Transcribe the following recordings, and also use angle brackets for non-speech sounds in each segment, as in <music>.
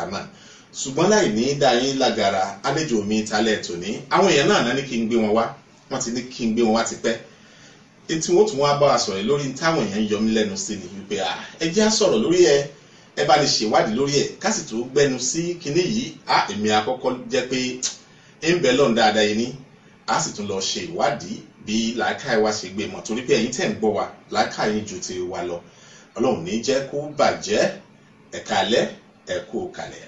kàmá ṣùgbọ́n láì ní dáyín lágara àlejò mi talẹ̀ tòní àwọn èèyàn náà ní kí n gbé wọn wá wọ́n ti ní kí n gbé wọn wá tipẹ́ etí wọn tún wá bá wa sọ̀rọ̀ lórí táwọn èèyàn ń yọ mí lẹ́nu sí ni wípé ẹ jẹ́ á sọ̀rọ̀ lórí ẹ ẹ bá lè ṣèwádìí lórí ẹ ká tó gbẹnu sí kinní yìí á èmi àkọ́kọ́ jẹ́ pé ń bẹ lọ́n dáadáa yìí ní á sì tún lọ ṣe ìwádìí bí làákàyè wa ṣe gbé mọ̀ torí pé ẹ̀yin tẹ̀ ń gbọ́ wa làákàyè ju ti wa lọ ọlọ́run ní jẹ́ kó bàjẹ́ ẹ̀ka alẹ́ ẹ kú kalẹ̀.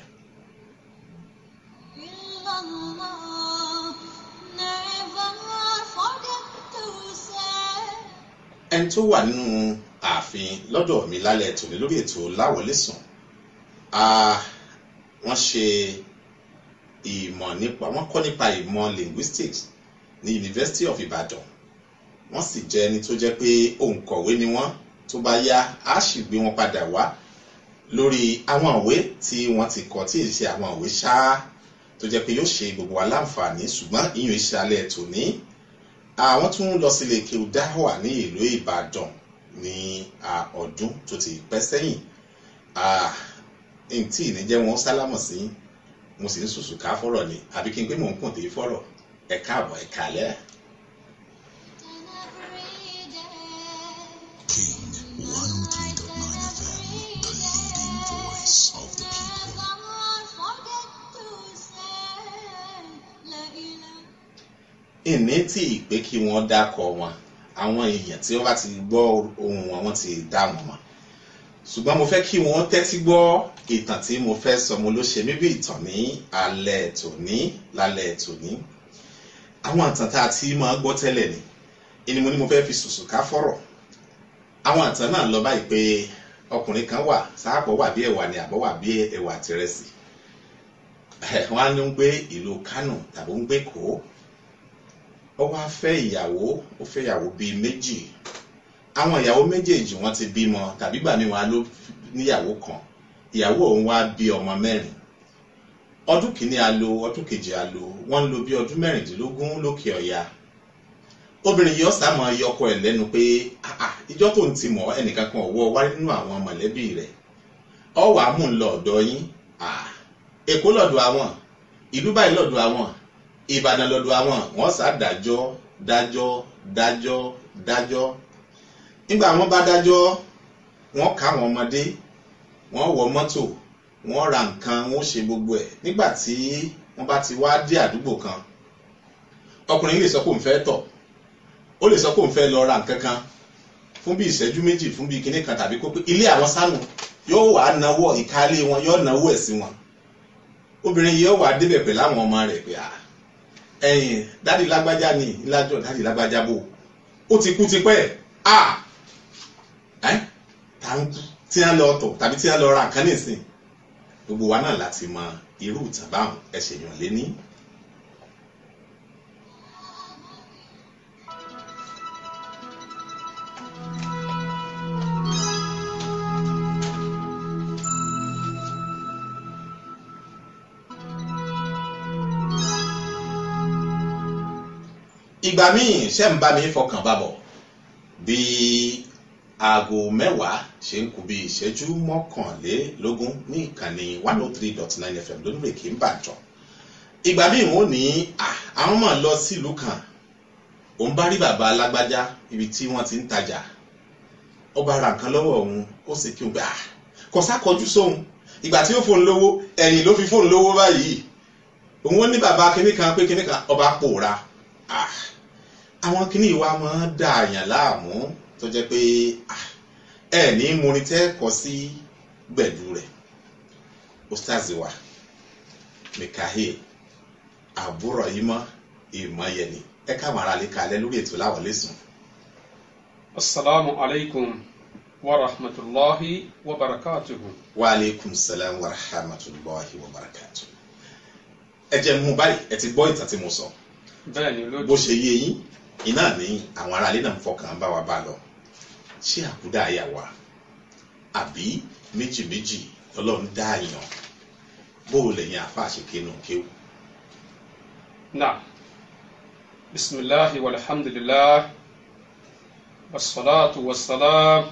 ẹni tó wà nínú ààfin lọ́dọ̀ mi lálẹ́ tòní lórí ètò láwọlé sàn wọ́n ṣe ìmọ̀ nípa wọ́n kọ́ nípa ìmọ̀ linguistics ní University of Ibadan wọ́n sì jẹ́ ẹni tó jẹ́ pé òǹkọ̀wé ni wọ́n tó bá yá á sì gbé wọn padà wá lórí àwọn ìwé tí wọ́n ti kọ tí ìṣe àwọn ìwé ṣáá tó jẹ́ pé yóò ṣe gbogbo wa láǹfààní ṣùgbọ́n ìyún iṣẹ́ alẹ́ tòní àwọn tún lọ sílé kéwú dáhùà ní ìlú Ìbàdàn ní ọdún tó ti pẹ́ sẹ́yìn ntí ìníjẹ́ wọn sálámọ̀ sí mo sì ń sùsù ká fọ́rọ̀ ni àbí kí n pé mò ń kùn dé fọ́rọ̀ ẹ káàbọ̀ ẹ kálẹ́. King ìní tí ìpè kí wọ́n dákọ̀ wọn àwọn èèyàn tí wọ́n bá ti gbọ́ ohun wọn wọ́n ti dá wọn mọ̀ ṣùgbọ́n mo fẹ́ kí wọ́n tẹ́tí gbọ́ ìtàn tí mo fẹ́ sọ mo ló ṣe mí bí ìtàn ní alẹ́ tòní lálẹ́ tòní àwọn ìtàn tá a ti máa gbọ́ tẹ́lẹ̀ ni ìní mo ní mo fẹ́ fi sùsù ká fọ̀rọ̀ àwọn ìtàn náà lọ báyìí pé ọkùnrin kan wà sáàpọ̀ wà bí ẹ̀wà ni àbọ̀ wà bí ẹ̀wà tìrẹsì wọ́n á ní gbé ìlú Kánò tàbí gbé Èkó ó wá fẹ́ ìyàwó ó fẹ́ ìyàwó bíi méjì àwọn ìyàwó méjèèjì wọ́n ti bímọ tàbí gbà mí wọn ló níyàwó kan ìyàwó òun wá bí ọmọ mẹ́rin ọdún kìíní a lò ọdún kejì a lò wọ́n ń lò bí ọdún mẹ́rìndínlógún lókè ọ̀yà obìnrin yìí ọ̀sà máa yọkọ ẹ̀ lẹ́nu pé ìjọ tó ń ti mọ̀ ẹnìkan kan ọ̀wọ́ wá nínú àwọn mọ̀lẹ́bí rẹ̀ ọ̀wà mú un lọ ọ̀dọ̀ yín Èkó lọ́dọ̀ àwọn ìlú báyìí lọ́dọ̀ àwọn ìbàdàn lọ́dọ̀ àwọn wọ́n sá dájọ́ dájọ́ dájọ́ dájọ́ nígbà wọ́n bá dájọ́ wọ́n ká àwọn ọmọdé wọ́n wọ mọ́tò wọ́n ra nǹkan wọ́n ṣe gbogbo ẹ̀ nígbà tí wọ́n bá ti wá dé àdúgbò kan ọkùnrin lè sọ pé òun fẹ́ tọ̀ ó lè sọ pé òun fẹ́ lọ ra nǹkan kan fún bí ìṣẹ́jú méjì fún bí kinní kan tàbí kó ilé àwọn sánù yóò wá náwó ìkálé wọn yóò náwó ẹ̀ wọn obìnrin yìí yóò wá débẹ̀ pẹ̀lú àwọn ọmọ rẹ̀ pé ah ẹ̀yìn dáàdi lágbájá ni ńlájọ dáàdi lágbájá bò ó ti kú tipẹ́ à ẹ́ tá ń kú tí wọ́n lọ tọ̀ tàbí tí wọ́n lọ ra nǹkan nìsín gbogbo wa náà láti mọ irú ìtàn báwọn ẹ̀ṣẹ̀ yàn lé ní ìgbà míì ṣe ń bá mi fọkàn bàbọ̀ bí aago mẹ́wàá ṣe ń kú bí ìṣẹ́jú mọ́kànlélógún ní ìkànnì one oh three dot nine fm lónìrèké ń bàjọ́ ìgbà míì wọn ò ní àwọn máa lọ sílùú kan òun bá rí bàbá alágbájá ibi tí wọ́n ti ń tajà ó bá ra nǹkan lọ́wọ́ òun ó sì kí n gbà kò sákọjú sóhun ìgbà tí ó fóun lówó ẹ̀yìn ló fi fóun lówó báyìí òun ó ní bàbá kinní kan pé kinní kan ọba pòórá àwọn kinní ìwà máa ń dà àyàn láàmú tó jẹ́ pé ẹ ní múrin tẹ́ kọ sí gbẹ̀dú rẹ̀ ostaziwa Mikhail àbúrò ìmọ̀ ìmọ̀yẹnì ẹ káwọn ará lè kalẹ̀ lórí ètò láwọn lẹ́sùn. asalaamu alaykum wa rahmatulahi wa barakatuhu. wa aleykum salaam wa rahmatulahi wa barakatuhu. ẹ jẹ́ mú báyìí ẹ ti gbọ́ ìtàn tí mo sọ. bẹ́ẹ̀ ni lójú. bó ṣe yé yín iná ní àwọn aráalé náà ń fọkàn bá wa bá lọ ṣé àkúdà àyà wa àbí méjì méjì lọ́lọ́run dá àyàn bó o lè yan àfa àṣekínú kéwù. náà bisimilahi walhamdulilah wasalaatu wasalaam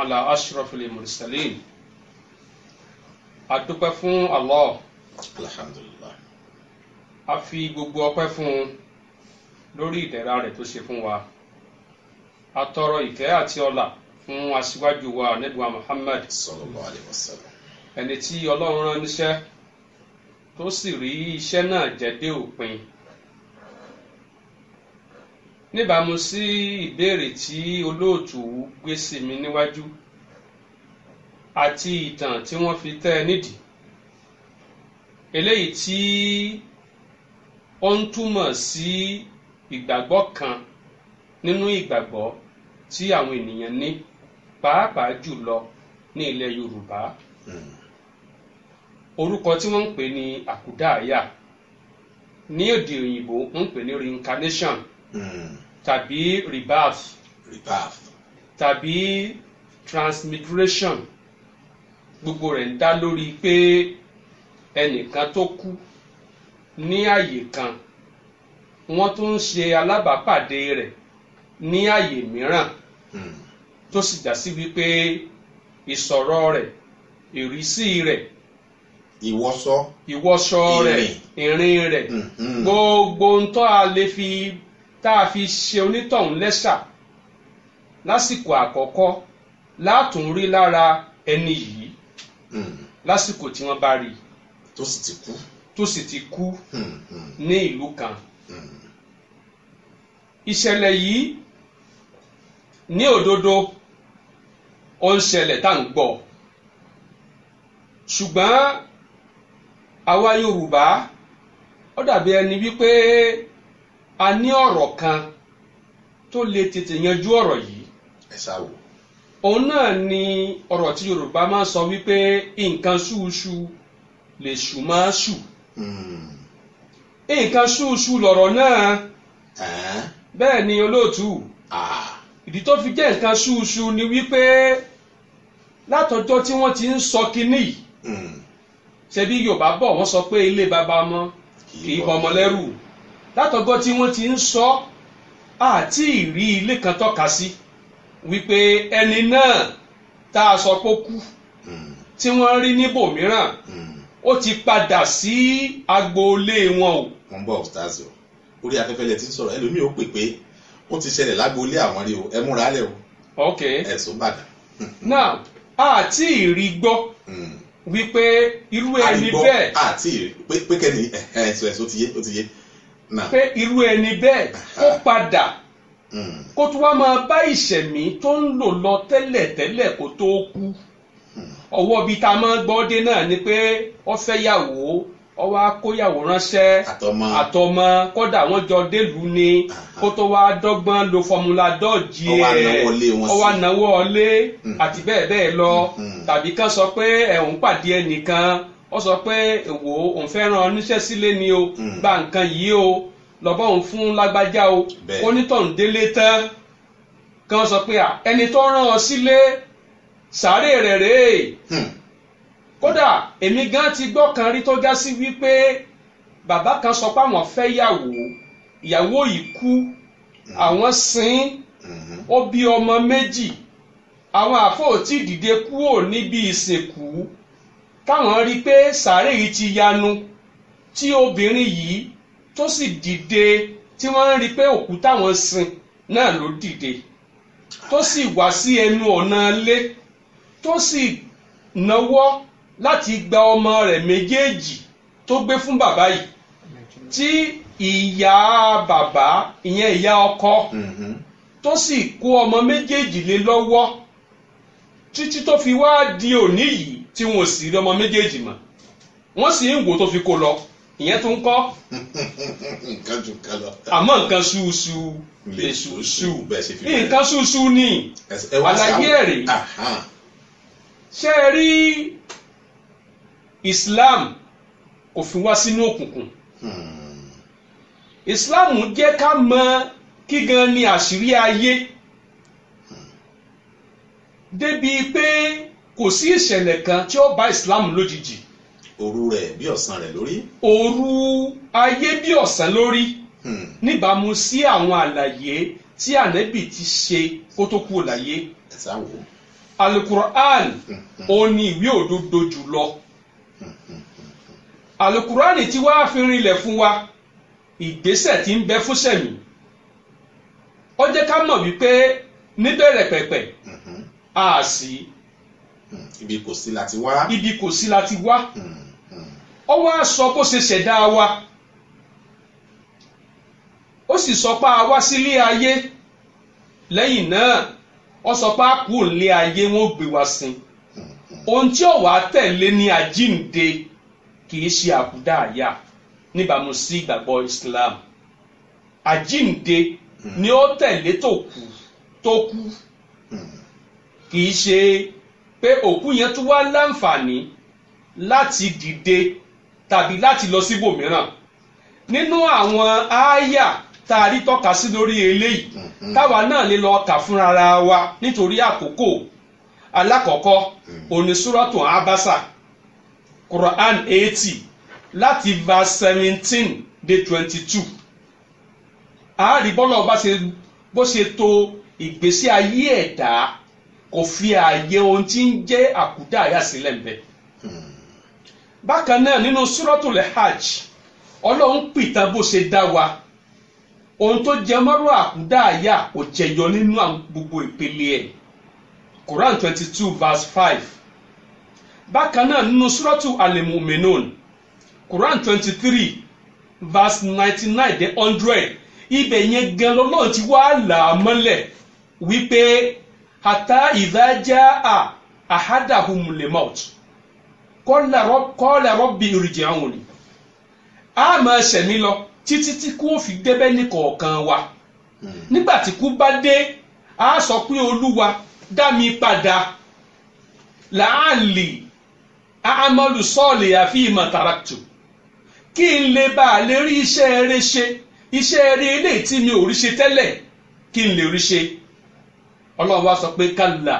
ala ashrafil mursalin adúpẹ́ fún Allah alhamdulilah a fi gbogbo ọpẹ́ fún un lórí ìdẹ̀ra rẹ̀ tó ṣe fún wa a tọrọ ìkẹ́ àti ọlà fún aṣíwájú wa nẹ́dùwà Muhammad sallallahu alaihi wasallam ẹni tí Ọlọ́run rán níṣẹ́ tó sì rí iṣẹ́ náà jẹ́ dé òpin níbàámu sí ìbéèrè tí olóòtú gbé sí mi níwájú àti ìtàn tí wọ́n fi tẹ́ ẹ nídìí eléyìí tí ó ń túmọ̀ sí ìgbàgbọ́ kan nínú ìgbàgbọ́ tí àwọn ènìyàn ní pàápàá jùlọ ní ilẹ̀ Yorùbá hmm. orúkọ tí wọ́n ń pè ní àkúdàáyà ní èdè òyìnbó ń pè ní reincarnation hmm. tàbí rebirth tàbí transmigration gbogbo rẹ̀ ń dá lórí pé ẹnìkan tó kú ní àyè kan wọ́n tún ń ṣe alábàápàdé rẹ̀ ní àyè mìíràn hmm. tó sì dá sí wípé ìsọ̀rọ̀ rẹ̀ ìrísí rẹ̀ ìwọṣọ ìwọṣọ rẹ̀ ìrìn rẹ̀ hmm, hmm. gbogbo ń tọ́ a lè fi tá a fi ṣe onítọ̀hún lẹ́ṣà lásìkò àkọ́kọ́ látùn rí lára ẹni yìí lásìkò tí wọ́n bá rí i tó sì ti kú ní ìlú kan ìṣẹ̀lẹ̀ yìí ní òdodo ó ń ṣẹlẹ̀ tá à ń gbọ́ ṣùgbọ́n àwa Yorùbá ó dàbí ẹni wípé a ní ọ̀rọ̀ kan tó lè tètè yanjú ọ̀rọ̀ yìí. òun náà ni ọ̀rọ̀ tí Yorùbá máa ń sọ wípé nǹkan ṣùṣù lè ṣù máa ṣù. Mm nǹkan ṣùṣù lọ̀rọ̀ náà bẹ́ẹ̀ ni olóòtú ìdí tó fi jẹ́ nǹkan ṣùṣù ni wípé látọjọ́ tí wọ́n ti ń sọ kinní yìí hmm. ṣebí Yorùbá bọ̀ wọ́n sọ pé ilé baba ọmọ kì í bọmọ lẹ́rù látọjọ́ tí wọ́n ti ń sọ àti ìrí ilé kan tọ́ka sí wípé ẹni náà tá a sọ pé kú hmm. tí wọ́n rí níbòmíràn hmm. ó ti padà sí agboolé wọn o mo ń bọ̀ o orí afẹ́fẹ́ lẹ ti ń sọ̀rọ̀ ẹlòmíì ó pè pé ó ti ṣẹlẹ̀ lágboolé àwọn rí o ẹ múra lẹ o ẹ̀sùn bàdàn. <laughs> now àti ìrí gbọ́ hmm. wípé irú ẹni bẹ́ẹ̀ àti ìrí pé kẹ́ni ẹ̀sùn ẹ̀sùn ti yé ó ti yé. pé irú ẹni bẹ́ẹ̀ ó padà hmm. kó tó wá máa bá ìṣẹ̀mí tó ń lò lọ tẹ́lẹ̀ tẹ́lẹ̀ kó tó kú hmm. ọwọ́ bíi tá a máa gbọ́ dé náà ni pé ó fẹ́ yàwó ó wá kóyàwó ránṣẹ́ àtọmọ kódà wọ́n jọ délùú ni ah. kó tó wá dọ́gbọ́n lo fọmúlà dọ́ọ̀jì ẹ̀ ó wá náwó ọlé mm. àti bẹ́ẹ̀ bẹ́ẹ̀ lọ mm. tàbí kan sọ pé ẹ̀ ń pàdé ẹnìkan ó sọ pé èwo òun fẹ́ràn oníṣẹ́ sílé ni o mm. gba nǹkan yìí o lọ́bọ̀ òun fún lágbájá o onítọ̀hún délé tán kan sọ pé ẹni tó rán ọ sílé sàárè rẹ̀ rèé hmm kódà èmi gan ti gbọ́ kan rí tó já sí wípé bàbá kan sọ pé àwọn fẹ́ yàwó ìyàwó yìí kú hmm. àwọn sin hmm. ó bí ọmọ méjì àwọn àfọ̀tí dìde kúrò níbi ìsìnkú káwọn rí i pé sàárè yìí ti yanu tí obìnrin yìí tó sì dìde tí wọ́n ń rí i pé òkú táwọn sin náà ló dìde tó sì wá sí ẹnu ọ̀nà ilé tó sì náwó láti gba ọmọ rẹ̀ méjèèjì tó gbé fún bàbá yìí tí ìyá bàbá ìyẹn ìyá ọkọ mm-hmm. tó sì kó ọmọ méjèèjì lé lọ́wọ́ títí tó fi wá di òní yìí tí wọn ò sì rí ọmọ méjèèjì mọ́ wọ́n sì ń wò tó fi kó lọ ìyẹn tó ń kọ́ <laughs> àmọ́ nǹkan ṣuṣu lè ṣuṣu nǹkan ṣuṣu ni àlàyé rèé ṣe é rí. Islam kò fi wá sínú òkùnkùn Islam jẹ́ ká mọ kí gan ni àṣírí ayé débi pé kò sí ìṣẹ̀lẹ̀ kan tí ó bá Islam lójijì òru rẹ̀ bí ọ̀sán rẹ̀ lórí. òru ayé bí ọ̀sán lórí hmm. níbàámu sí àwọn àlàyé tí ànábì ti ṣe kó tó kú láyé. Al-Qur'an hmm, hmm. ìwé òdodo jùlọ alukurani tí wàá fi rinlẹ̀ fún wa ìgbésẹ̀ tí ń bẹ fún sẹ̀mí ó jẹ́ ká mọ̀ wípé níbẹ̀rẹ̀ pẹ̀pẹ̀ mhm. a sì. ibi kò sí láti wá. ibi kò sí láti wá. Mhm. ó wá sọ bó ṣe ṣẹ̀dá wa ó sì sọ pé a wá sílé ayé lẹ́yìn náà ó sọ pé kú òǹlé ayé wọn ò gbé wa sin ohun tí ọ̀wá tẹ̀lé ní àjíǹde kìí ṣe àkúdá àyà níbàámu sí ìgbàgbọ́ Islam àjíǹde hmm. ni ó tẹ̀lé tó kú tó kú hmm. kìí ṣe pé òkú yẹn tún wá láǹfààní láti dìde tàbí láti lọ síbòmíràn nínú àwọn àáyà tá a rí tọ́ka sí lórí eléyìí táwa hmm. náà lè lọ kà fúnra wa nítorí àkókò alákọ̀ọ́kọ́ onísúrọ́tò hmm. abasa quran eighty láti verse seventeen de twenty two àárí bọ́lá ọba bó ṣe tò ìgbésí ayé ẹ̀dá kò fi ààyè ohun tí ń jẹ́ àkúdà àyà sílẹ̀ ń bẹ. Hmm. bákan náà nínú suratul hajj ọlọ́run pìtàn bó ṣe dá wa ohun tó jẹ mọ́rọ̀ àkúdà àyà kò jẹyọ nínú gbogbo ìpele ẹ̀ Quran twenty two verse five bákan náà nínú suratu alimuminun Quran twenty three verse ninety nine dé hundred ibẹ̀ yẹn gan lọ́lọ́run ti wá là á mọ́lẹ̀ wípé hata ìdájá a ahadahum lemot kọ́lá rọ́bì ìrìjì àwọn ni a máa ṣẹ̀mí lọ títí tí kú ó fi débẹ̀ ní kọ̀ọ̀kan wa hmm. nígbà tí kú bá dé a sọ pé olúwa dá mi padà làálì àmọ́lù sọ́ọ̀lì àfi ìmọ̀ tàràtù kí n lè bá a lè rí iṣẹ́ eré ṣe iṣẹ́ eré eléyìí tí mi ò rí ṣe tẹ́lẹ̀ kí n lè rí ṣe ọlọ́run wá sọ pé kálá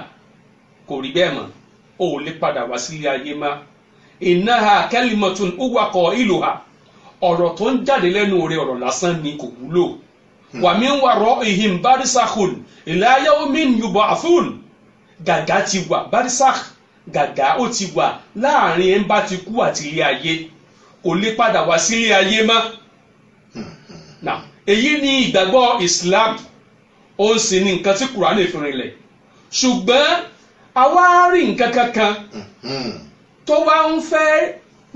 kò rí bẹ́ẹ̀ mọ́ o lè padà wá sílé ayé má ìnáha kẹ́límọ̀tún ó wakọ̀ ìlò ha ọ̀rọ̀ tó ń jáde lẹ́nu rẹ̀ ọ̀rọ̀ lásán ni kò wúlò wàmí ń wàrọ̀ ìhìn barisakun ìlàyà omi yubọ̀ àfún gàgà ti wà barisak gàgà ó ti wà láàrin ẹ̀ ń bá ti kú àti ilé ayé kò lè padà wá sí ilé ayé mọ́ èyí ni ìgbàgbọ́ Islam ó ń sin ní nǹkan tí Kùránì fi rinlẹ̀ ṣùgbọ́n àwa rí nǹkan kankan tó wá ń fẹ́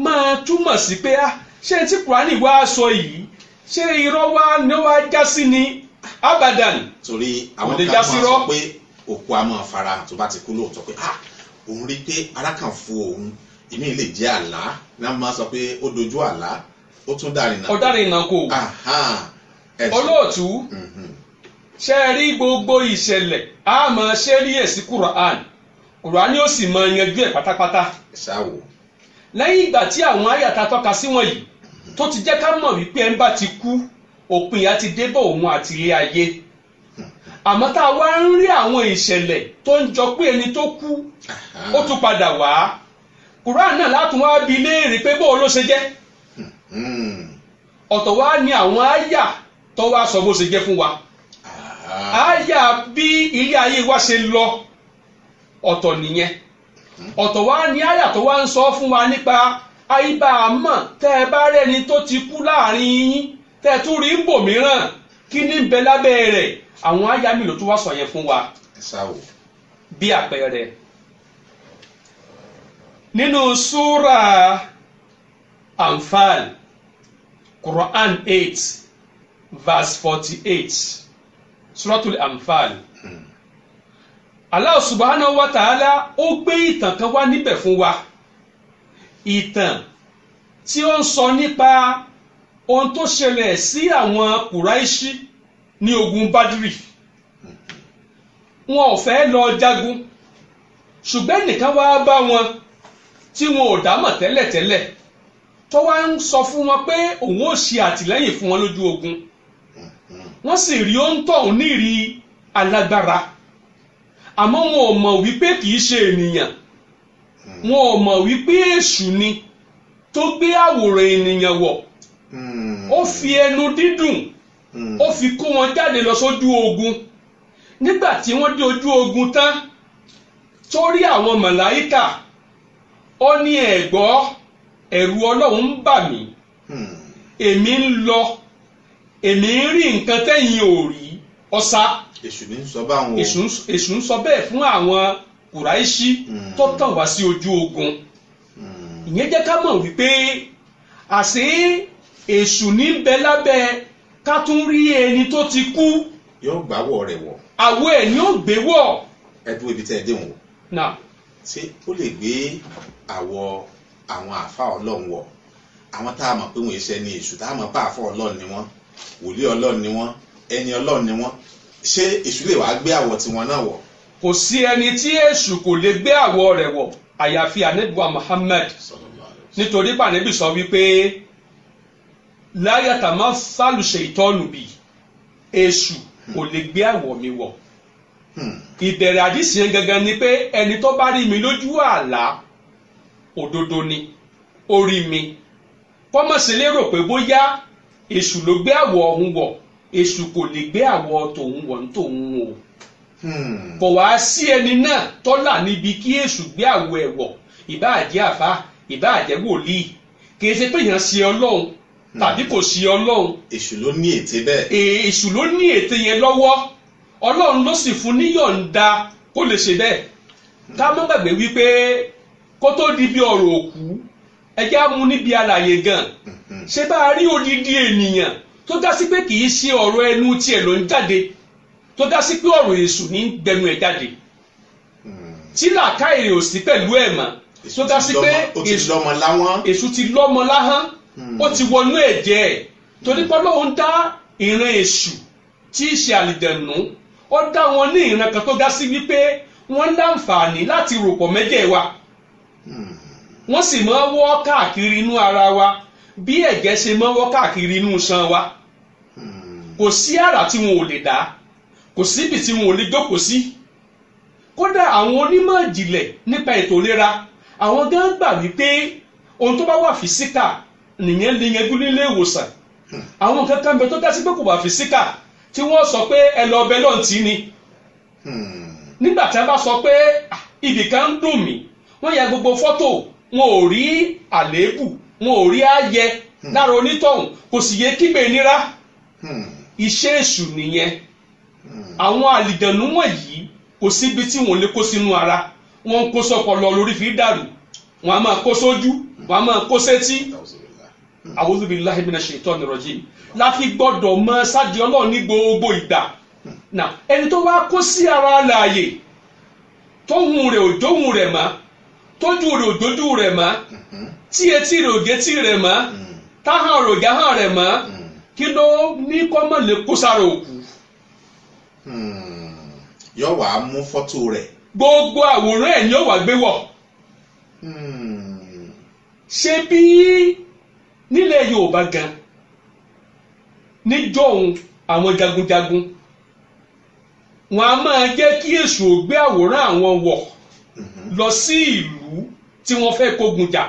máa túmọ̀ sí pé ah, ṣé tí Kùránì wá sọ yìí ṣé irọ́ wa ni ó wá já sí ni abadan torí àwọn kan máa sọ pé òkú a máa fara tó bá ti kú lóòótọ́ pé ah òun rí pé ara kan fu òun èmi lè jẹ́ àlá náà máa sọ pé ó dojú àlá ó tún dárìnà kó dárìnà kó olóòtú mhm. ṣe rí gbogbo ìṣẹ̀lẹ̀ a máa ṣe rí èsì Quran Quran yóò sì máa yanjú ẹ̀ pátápátá lẹ́yìn ìgbà tí àwọn àyàtà tọ́ka sí wọ̀nyí tó ti jẹ́ ká mọ̀ wípé ẹnba ti kú òpin ìyà ti débọ̀ òun àti ilé ayé àmọ́ tá a wá ń rí àwọn ìṣẹ̀lẹ̀ tó ń jọ pé ẹni tó kú ó tún padà wá Quran náà látún wá bi léèrè pé bó ló ṣe jẹ́ ọ̀tọ̀ wá ní àwọn àyà tó wá sọ bó ṣe jẹ́ fún wa àyà bí ilé ayé wa ṣe lọ ọ̀tọ̀ nìyẹn ọ̀tọ̀ wá ní àyà tó wá ń sọ fún wa nípa àyíbá àmọ́ tẹ́ ẹ bá rẹ́ni tó ti kú láàrin yín tẹ́ ẹ tún rí ń bò mìíràn kí ní bẹ lábẹ́ rẹ̀ àwọn ayámi ló tún wá sọ yẹn fún wa bí àpẹẹrẹ nínú súra Anfal Quran eight verse forty eight suratul Anfal hmm. Allah subhanahu wa ta'ala ó gbé ìtàn kan wá níbẹ̀ fún wa. Mm ìtàn tí ó ń sọ nípa ohun tó ṣẹlẹ̀ sí àwọn kùráìṣí ní ogun bádìrì wọn ò fẹ́ lọ jagun ṣùgbọ́n nìkan wá bá wọn tí wọn ò dámọ̀ tẹ́lẹ̀tẹ́lẹ̀ tó wá ń sọ fún wọn pé òun ò ṣe àtìlẹ́yìn fún wọn lójú ogun wọ́n sì rí òǹtọ̀ òun ní ìrí alágbára àmọ́ wọn ò mọ̀ wípé kì í ṣe ènìyàn wọn ò mọ̀ wípé èṣù ni tó gbé àwòrán ènìyàn wọ̀ hmm. ó fi ẹnu dídùn hmm. ó fi kó wọn jáde lọ sójú ogun nígbà tí wọ́n dé ojú ogun tán sórí àwọn màláíkà ó ní ẹ̀gbọ́ ẹ̀rù ọlọ́run ń bà mí hmm. èmi ń lọ èmi ń rí nǹkan tẹ́yìn ò rí ọ̀sá èṣù ń sọ bẹ́ẹ̀ fún àwọn Kuraishi hmm. tó tàn wá sí ojú ogun hmm. ìyẹn jẹ́ ká mọ̀ wípé àṣé èṣù ní bẹ lábẹ́ ká tún rí ẹni tó ti kú. yóò gbàwọ̀ rẹ̀ wọ̀. àwọ̀ ẹ̀ ni ó gbé wọ̀. ẹ dúró ibi tẹ́ ẹ dé wọn. nà. ṣé ó lè gbé àwọ̀ àwọn àfa ọlọ́run wọ̀ àwọn tá a mọ̀ pé wọ́n ṣe ni èṣù tá a mọ̀ pé àfa ọlọ́run ni wọ́n wòlíì ọlọ́run ni wọ́n ẹni ọlọ́run ni wọ́n ṣé èṣù lè wàá gbé àwọ̀ tiwọn náà wọ̀ kò sí ẹni tí èṣù kò lè gbé àwọ̀ rẹ̀ wọ̀ àyàfi ànẹ́bùwà Muhammad nítorí pànẹ́bì sọ wípé láyàtà máa fàlùṣe ìtọ́nù bì èṣù kò lè gbé àwọ̀ mi wọ̀ hmm. ìbẹ̀rẹ̀ àdìsí yẹn gangan ni pé ẹni tó bá rí mi lójú àlá òdodo ni ó rí mi kọ́mọ̀sí lérò pé bóyá èṣù ló gbé àwọ̀ ọ̀hún wọ̀ èṣù kò lè gbé àwọ̀ tòun wọ̀ ní tòun o. Hmm. kò wá sí ẹni náà tọ́là níbi kí èṣù gbé àwọ̀ ẹ̀wọ̀ ìbáàjẹ́ àfa ìbáàjẹ́ wòlíì kì í ṣe pé èèyàn ṣe ọlọ́run hmm. tàbí kò sí ọlọ́run. èṣù ló ní ète bẹ́ẹ̀. èṣù ló ní ète yẹn lọ́wọ́ ọlọ́run ló sì fún níyọ̀ǹda kó lè ṣe bẹ́ẹ̀. Hmm. ká má gbàgbé wípé kó tó di bí ọ̀rọ̀ òkú ẹjẹ́ á mú níbi àlàyé gan. ṣé bá a rí odidi ènìyàn tó dá sí pé kì í ṣe ọ̀rọ̀ ẹnu tiẹ̀ ló ń jáde tó dá sí pé ọ̀rọ̀ èṣù ní gbẹnu ẹ̀ jáde tí làákàyèrè ò sí pẹ̀lú ẹ̀ mọ́ tó dá sí pé èṣù ti lọ́mọ láhán hmm. ó ti wọnú ẹ̀jẹ̀ ẹ̀ torí pé Ọlọ́run dá ìran èṣù tí í ṣe àlìdẹ̀nù ó dá wọn ní ìran kan tó dá sí wípé wọ́n láǹfààní láti ròpọ̀ mẹ́jẹ̀ wa hmm. wọ́n sì máa wọ́ káàkiri inú ara wa bí ẹ̀jẹ̀ ṣe máa wọ́ káàkiri inú iṣan wa hmm. kò sí àrà tí wọn ò lè dá. Hmm kò síbi tí wọn ò lè jókòó sí kódà àwọn onímọ̀ ìjìnlẹ̀ nípa ètò ìlera àwọn gan gbà wípé ohun tó bá wà fìsíkà nìyẹn lè yẹn gúlé ilé ìwòsàn àwọn kankan bẹ tó dá sí pé kò wà fìsíkà tí wọ́n sọ pé ẹ lọ ọbẹ̀ náà tì ní nígbà tí a bá sọ pé ibìkan ń dùn mí wọ́n ya gbogbo fọ́tò wọn ò rí àléébù wọn ò rí ààyè lára onítọ̀hún kò sì yẹ kígbe nira iṣẹ́ èṣù nìyẹn àwọn àlìjẹ̀nú wọ̀nyí kò síbi tí wọ́n lè kó sínú ara wọ́n ń kó sọpọlọ lórí fi dàrú wọ́n A máa kó sójú wọ́n á máa kó sétí a'udhu billahi minash shaitani rajim láfi gbọ́dọ̀ mọ sáàdì ọlọ́run ní gbogbo ìgbà na ẹni tó wá kó sí ara láàyè tóhun rẹ̀ òjóhun rẹ̀ mọ́ tójú rẹ̀ òjójú rẹ̀ mọ́ tí etí rẹ̀ ògétí rẹ̀ mọ́ táhàn rẹ̀ ògáhàn rẹ̀ mọ́ kí ló ní kọ́mọ̀ òkú Hmm. yóò wá mú fọ́tò rẹ̀. gbogbo àwòrán ẹ̀ ni yóò wá gbé wọ̀. Hmm. ṣé bí nílẹ̀ Yorùbá gan níjọ́un àwọn jagunjagun wọn a máa jẹ́ kí èṣù ó gbé àwòrán àwọn wọ̀ hmm. lọ sí ìlú tí wọ́n fẹ́ kógun jà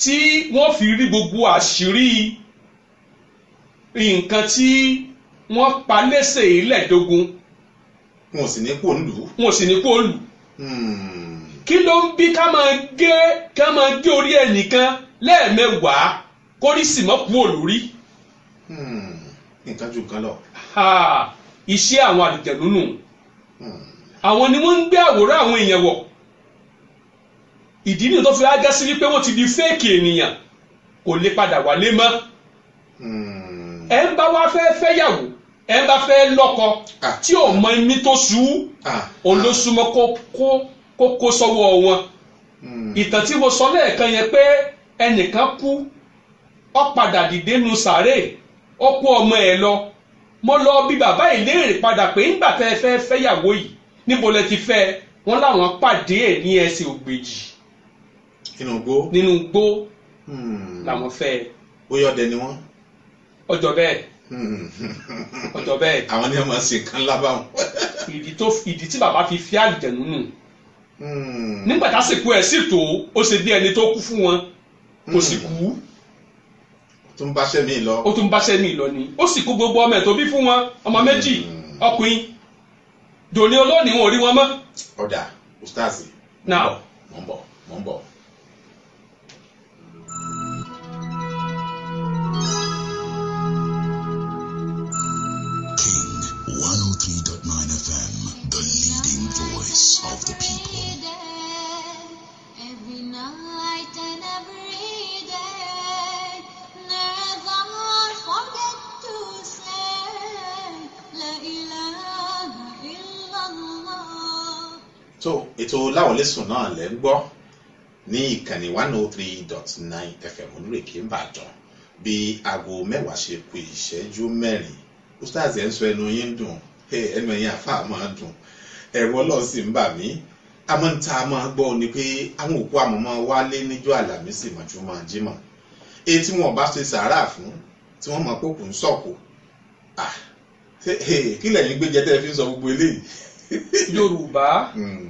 tí wọ́n fi rí gbogbo àṣírí nǹkan tí wọ́n pa lẹ́sẹ̀ yìí lẹ́ẹ̀dógún. wọn ò sì ní kú òǹlù. wọn ò sì ní kú òǹlù. Hmm. kí ló ń bí ká máa gé ká máa gé orí ẹnìkan lẹ́ẹ̀mẹ́wàá kórí sì mọ́ kú òlórí. Hmm. nǹkan ju nǹkan lọ. iṣẹ́ àwọn àlùjẹ̀lú nù. Hmm. àwọn ni wọ́n ń gbé àwòrán àwọn èèyàn wọ̀ ìdí nìyẹn tó fi á jásí wípé wọ́n ti di fẹ́ẹ̀kì ènìyàn kò lè padà wálé mọ́. ẹ ń bá wá fẹ́ fẹ́yàwó ẹ bá fẹ́ lọ́kọ tí ò mọ ní tó sú òun ló súnmọ́ kó kó sọ́wọ́ wọn hmm. ìtàn tí mo sọ lẹ́ẹ̀kan yẹn pé ẹnìkan kú ó padà dìde nu sàárè ó kó ọmọ ẹ̀ lọ mo lọ bí bàbá ìléèrè padà pé ńgbà tẹ́ ẹ fẹ́ fẹ́yàwó yìí níbo lẹ ti fẹ́ wọn láwọn pàdé ẹ̀ ní ẹsẹ̀ ògbèjì nínú gbó nínú hmm. gbó làwọn fẹ́ ẹ. bóyá ọdẹ ni wọn. ọjọ́ bẹ́ẹ̀. <laughs> ọjọ́ bẹ́ẹ̀. àwọn ni wọn máa ṣe nǹkan lábàwọn. <laughs> ìdí tó ìdí tí bàbá fi fi àlùjẹ̀nu nù. Hmm. nígbà tásìkò ẹ̀ sì tó ó ṣe bí ẹni tó kú fún wọn kò sì hmm. kú. ó tún bá sẹ́mi lọ. ó tún bá sẹ́mi lọ ni ó sì kó gbogbo ọmọ ẹ̀ tó bí fún wọn ọmọ hmm. méjì ọkùnrin dòní olóòní wọn ò rí wọn mọ́. ọ̀dà ustaazi. náà mọ̀ ń bọ̀ mọ̀ ń bọ̀. thank you 103.9 FM, the leading voice of the people. So, ètò láwọlẹ́sùn náà lẹ́ ń gbọ́ ní ìkànnì one oh three dot nine fm olúrèké ń bàdàn bí aago mẹ́wàá ṣe kù ìṣẹ́jú mẹ́rin ustaz ẹ̀ ń sọ ẹnu yín dùn ẹnu ẹ̀yìn àfa máa dùn ẹ̀rọ ọlọ́run sì ń bà mí àmọ́ ń ta máa gbọ́ ni pé àwọn òkú àmọ́ máa wálé níjọ́ àlàmísì mọ̀júmọ́ jímọ̀ èyí tí wọ́n bá ṣe sàárà fún tí wọ́n mọ̀ pé kò ń sọ̀kò kí lẹ́yìn gbé jẹ́tẹ́ fi ń sọ gbogbo eléyìí. yorùbá hmm.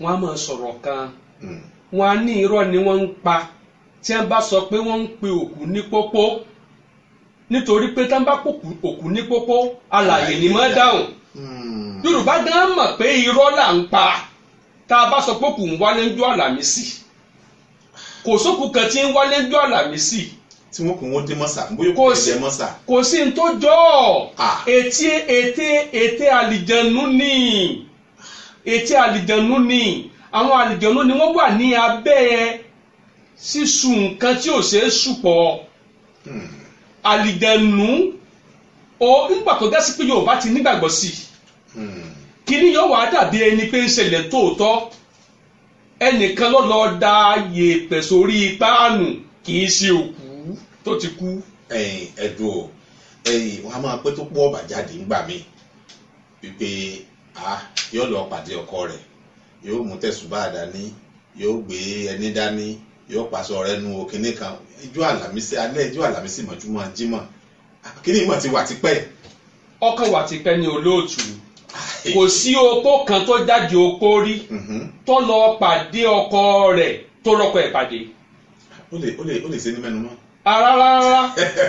wọn a máa sọ̀rọ̀ kan hmm. wọn a ní irọ́ ni wọ́n ń pa tí wọ́n bá sọ pé wọ́n ń pe òkú ní pópó nítorí pé tán bá pòkù òkú ní pópó alàyè ni mọ́ dáhùn hmm. yorùbá gan mọ̀ pé irọ́ là ń pa tá a bá sọ pé òkú ń wálé ń jó àlàmísì kò sókù kan tí ń wálé ń jó àlàmísì tí wọn kò wọn dé mọ́sà bóyá kò sí mọ́sà. kò sí n tó jọ ètí ètè ètè àlìjẹnu ni ètè àlìjẹnu ni àwọn àlìjẹnu ni wọ́n wà ní abẹ́ sísun nǹkan tí ò ṣeé sùpọ̀. Hmm àlìdẹnu o nígbà tó dásí pé Yorùbá ti nígbàgbọ́ sí i hmm. kíní yóò wá dàbí ẹni pé ń ṣẹlẹ̀ tóòtọ́ ẹnìkan ló lọ da yèèpẹ̀ sórí páànù kì í ṣe òkú tó ti kú. ẹyin ẹdùn o ẹyin wọn a máa pé tó pọ̀ ọ̀bàjáde ńgbà mi wípé a yóò lọ pàdé ọkọ rẹ yóò mú tẹ̀sùbáà dání yóò gbé ẹni dání yóò pàṣọ rẹ nu òkínní kan ijó àlàmísì alẹ́ ijó àlàmísì mọ̀júmọ́ jímọ̀ kíní ìmọ̀ ti wà tipẹ́. ọkàn wà tipẹ́ ni olóòtú kò sí opó kan tó jáde opó rí mhm. tó lọ pàdé ọkọ rẹ tó rọ́kọ ẹ̀ pàdé. ó lè ó lè ó lè ṣe ní mẹ́nu mọ́. rárá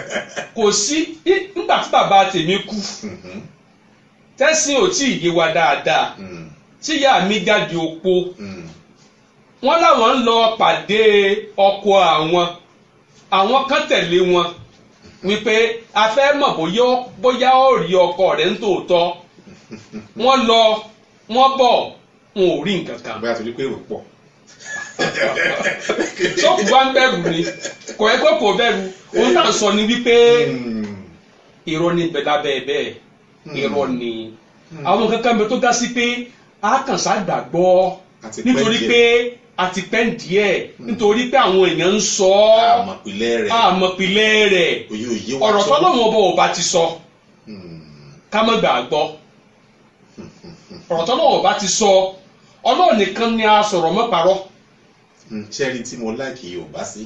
<laughs> kò sí nígbà tí bàbá tèmi kú mhm. tẹsán ò tí ì yé wa dáadáa mhm. tíyá mi jáde opó. wọ́n láwọn ń lọ pàdé ọkọ àwọn àwọn kan tẹ̀lé wọn wípé a fẹ́ mọ̀ bóyá ó rí ọkọ rẹ̀ ń tòótọ́ wọ́n lọ wọ́n bọ̀ wọn ò rí nǹkan kan. bóyá torí pé èrò pọ̀. sọ́ọ̀kù wa ń bẹ̀rù ni kò ẹ́ pé kò bẹ̀rù òun náà sọ ni wípé hmm. irọ́ ni bẹ̀dá bẹ́ẹ̀ bẹ́ẹ̀ hmm. irọ́ ni hmm. àwọn kankan bẹ tó dá sí pé a kàn sá gbàgbọ́ nítorí pé. àti díẹ̀ nítorí pé àwọn èèyàn ń sọ ọ́ àmọ̀pìlẹ̀ rẹ̀ ọ̀rọ̀ ọba ọba ti sọ hmm. ká má gbà ọba ti sọ ọlọ́run nìkan ni a sọ̀rọ̀ mọ́ tí mo láàkì bá sí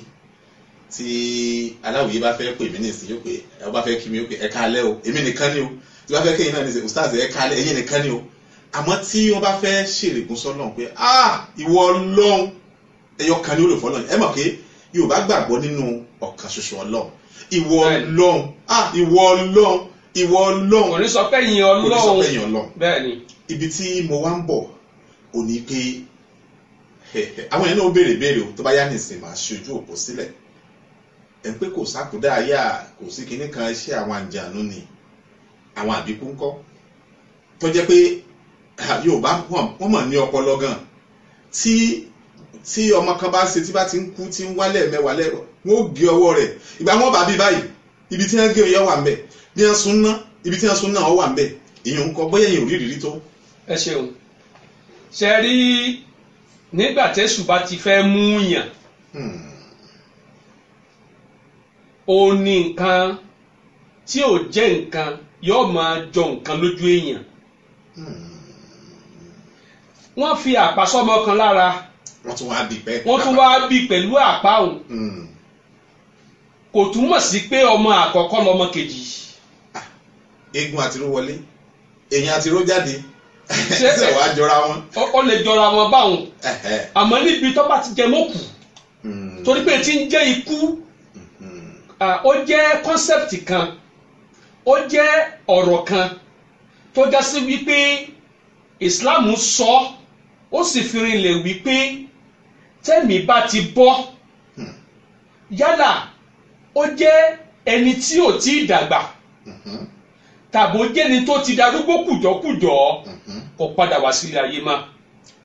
tí aláwòye bá fẹ́ pè mí nìsín yóò pé ẹ bá fẹ́ kí mi yóò pé ẹ o èmi nìkan ni o tí bá fẹ́ àmọ́ tí wọ́n bá fẹ́ ṣèrègùn sọ́lọ́run pé ah ìwọ ọlọ́run ẹyọ kan ní olùfọ́ náà ẹ mọ̀ pé yorùbá gbàgbọ́ nínú ọ̀kan ṣoṣo ọlọ́run ìwọ ọlọ́run ah ìwọ ọlọ́run ìwọ ọlọ́run kò ní sọ pé yìn ọlọ́run kò ní sọ pé yìn ọlọ́run bẹ́ẹ̀ ni ibi tí mo wá ń bọ̀ ò ní pé àwọn èèyàn náà béèrè béèrè tó bá yá nìsín máa ṣojú òpó sílẹ̀ ẹ̀ ń pé kò sákúdá ayá kò sí kinní kan iṣẹ́ àwọn àjànú ni àwọn àbíkú ńkọ́ tó jẹ́ pé yorùbá wọ́n mọ̀ ní ọpọlọ gan tí tí ọmọ kan bá ṣe tí bá ti ń kú tí ń wálẹ̀ mẹ́wàá lẹ́wọ̀ wọ́n ó gé ọwọ́ rẹ̀ ìgbà wọn bá bí báyìí ibi tí wọ́n gé oyè wà ń bẹ̀ bí wọ́n sun ná ibi tí wọ́n sun náà wà ń bẹ̀ èèyàn ń kọ bóyá èèyàn ò rí ìrírí tó. ẹ ṣeun ṣe rí nígbà tẹ́sù bá ti fẹ́ mú yàn hmm. ó ní nǹkan tí ò jẹ́ nǹkan yóò máa jọ nǹkan lójú èèyàn. Hmm wọ́n fi àpá sọ́mọ kan lára wọ́n tún wá bí pẹ̀lú àpá wọ́n tún wá bí pẹ̀lú àpá o hmm. kò túmọ̀ sí pé ọmọ àkọ́kọ́ lọmọ kejì. Ah, eégún àti ró wọlé èèyàn àti ró jáde ṣe <laughs> wàá jọra wọn. ó lè jọra wọn báwọn àmọ́ níbi tó bá ti jẹ mọ́kù hmm. torí pé tí ń jẹ́ ikú hmm. ó jẹ́ concept kan ó jẹ́ ọ̀rọ̀ kan tó já sí wípé Islam sọ ọ́ ó sì fi rinlẹ̀ wípé tẹ́mi bá ti bọ́ hmm. yálà ó jẹ́ ẹni tí ò tí ì dàgbà hmm. tàbó jẹ́ni tó ti darúgbó kùjọ́kùjọ́ hmm. kò padà wá sílé ayé máa.